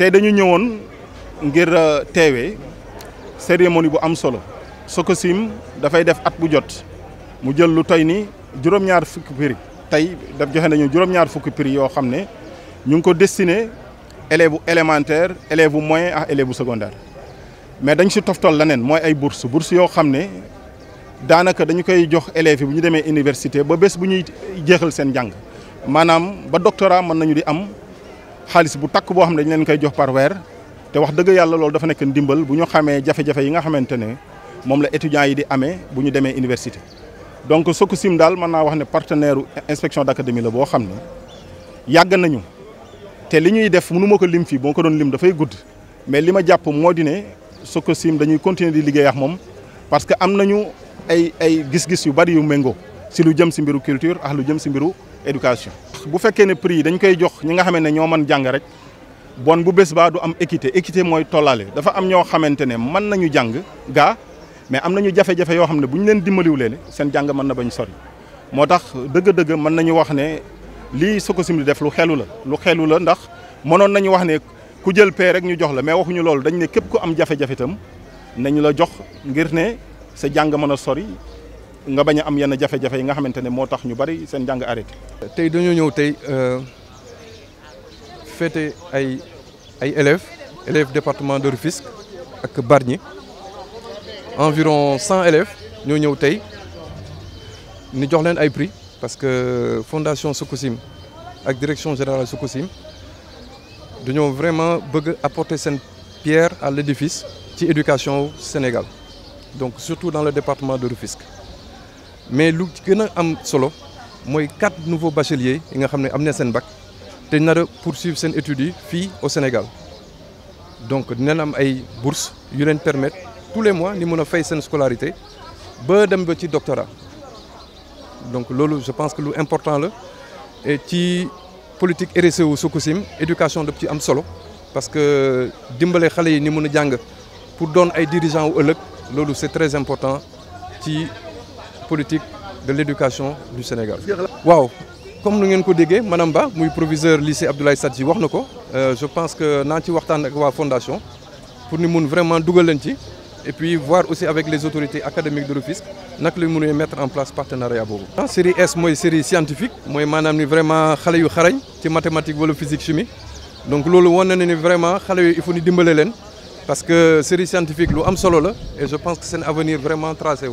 tey dañu ñëwoon ngir euh, teewee cérémonie bu am solo Sococim dafay def at bu jot mu jël lu toy ni juróom-ñaar fukki prix tey daf joxe nañu juróom-ñaar fukki prix yoo xam ne ñu ngi ko destiné élèves élémentaire élèves moyen ak élèves secondaire mais dañ si toftal leneen mooy ay bourse bourse yoo xam ne daanaka dañu koy jox élèves bu ñu demee université ba bés bu ñuy jeexal seen njàng maanaam ba doctorat mën nañu di am xaalis bu tàkk boo xam ne dañu leen koy jox par te wax dëgg yàlla loolu dafa nekk ndimbal bu ñu xamee jafe-jafe yi nga xamante ne moom la étudiants yi di amee bu ñu demee université. donc Sococim daal mën naa wax ne partenaire inspection d'académie la boo xam ne yàgg nañu te li ñuy def mënu ma ko lim fii boo ko doon lim dafay gudd mais li ma jàpp moo di ne Sococim dañuy continuer di liggéey ak moom parce que am nañu ay ay gis-gis yu bari yu méngoo si lu jëm si mbiru culture ak lu jëm si mbiru éducation. ndax bu fekkee ne prix yi dañ koy jox ñi nga xamante ne ñoo man jàng rek bon bu bés baa du am équité équité mooy tollale dafa am ñoo xamante ne mën nañu jàng gaa mais am nañu jafe-jafe yoo xam ne bu ñu leen dimbaliwulee seen jàng man na bañ sori moo tax dëgg-dëgg mën nañu wax ne lii Sococim di def lu xelu la lu xelu la ndax mënoon nañu wax ne ku jël paie rek ñu jox la mais waxuñu loolu dañ ne képp ku am jafe-jafe itam nañu la jox ngir ne sa jàng mën a sori nga avons fait am yenn nous jafé nga tax ñu euh, élèves du département de Rufisque ak Barnier. environ 100 élèves nous ñëw tey ni jox leen ay prix parce que fondation sukusim la direction générale nous dañoo vraiment bëgg apporter pierre à l'édifice ci éducation Sénégal donc surtout dans le département de Rufisque mais lu gën a am solo mooy quatre nouveaux bacheliers yi nga xam ne am bac te nar a poursuivre seen études yi au Sénégal donc dinañ am ay bourses yu leen permettre tous les mois ni mën a fay scolarité ba dem ba ci doctorat donc loolu je pense que lu important la et ci politique RSE wu Sokosim éducation de ci am solo parce que dimbale xale yi ni mën a jàng pour doon ay dirigeants wu ëllëg loolu c'est très important ci politique de l'éducation du Sénégal waouh comme nous ngeen dit, madame Ba mon proviseur lycée Abdoulaye Sadji wax euh, je pense que nous avons waxtaan fondation pour nous mun vraiment dugal leen et puis voir aussi avec les autorités académiques de Rufisque naka la ñu mettre en place partenariat la ah, série S et série scientifique mooy Madame ni vraiment xale yu xarañ ci mathématique physique chimie donc nous le vraiment xale yu il faut ni dimbale parce que série scientifique l'eau am solo et je pense que c'est un avenir vraiment tracé